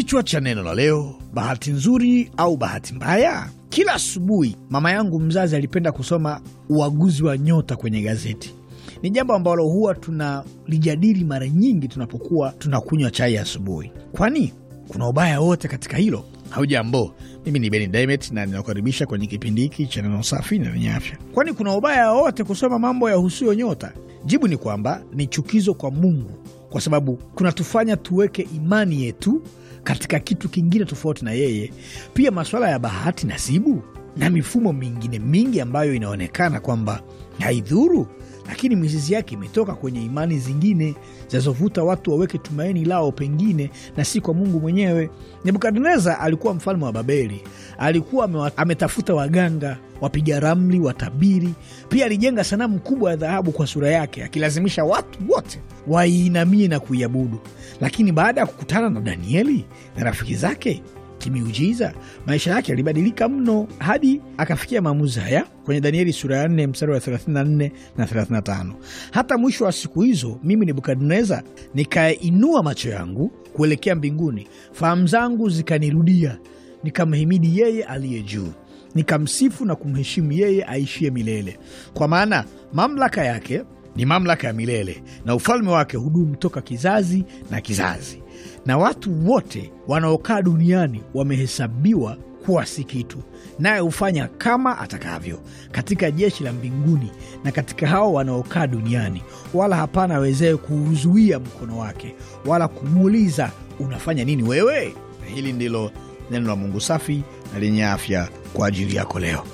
Kichwa cha neno la leo: bahati nzuri au bahati mbaya. Kila asubuhi mama yangu mzazi alipenda kusoma uaguzi wa nyota kwenye gazeti. Ni jambo ambalo huwa tunalijadili mara nyingi tunapokuwa tunakunywa chai asubuhi. Kwani kuna ubaya wote katika hilo? Haujambo, mimi ni Beni Dimet na ninakukaribisha kwenye kipindi hiki cha neno safi na lenye afya. Kwani kuna ubaya wote kusoma mambo yahusuyo nyota? Jibu ni kwamba ni chukizo kwa Mungu, kwa sababu kunatufanya tuweke imani yetu katika kitu kingine tofauti na yeye. Pia masuala ya bahati nasibu na mifumo mingine mingi ambayo inaonekana kwamba haidhuru, lakini mizizi yake imetoka kwenye imani zingine zinazovuta watu waweke tumaini lao pengine na si kwa Mungu mwenyewe. nebukadnezar alikuwa mfalme wa Babeli, alikuwa ametafuta waganga, wapiga ramli, watabiri. Pia alijenga sanamu kubwa ya dhahabu kwa sura yake, akilazimisha watu wote waiinamie na kuiabudu. Lakini baada ya kukutana na Danieli na rafiki zake Kimiujiza maisha yake yalibadilika mno hadi akafikia maamuzi haya kwenye Danieli sura ya 4 msari wa 34 na 35: hata mwisho wa siku hizo mimi Nebukadneza nikainua macho yangu kuelekea mbinguni, fahamu zangu zikanirudia, nikamhimidi yeye aliye juu, nikamsifu na kumheshimu yeye aishie milele, kwa maana mamlaka yake ni mamlaka ya milele na ufalme wake hudumu toka kizazi na kizazi na watu wote wanaokaa duniani wamehesabiwa kuwa si kitu, naye hufanya kama atakavyo katika jeshi la mbinguni na katika hao wanaokaa duniani, wala hapana awezee kuuzuia mkono wake wala kumuuliza unafanya nini wewe. Na hili ndilo neno la Mungu safi na lenye afya kwa ajili yako leo.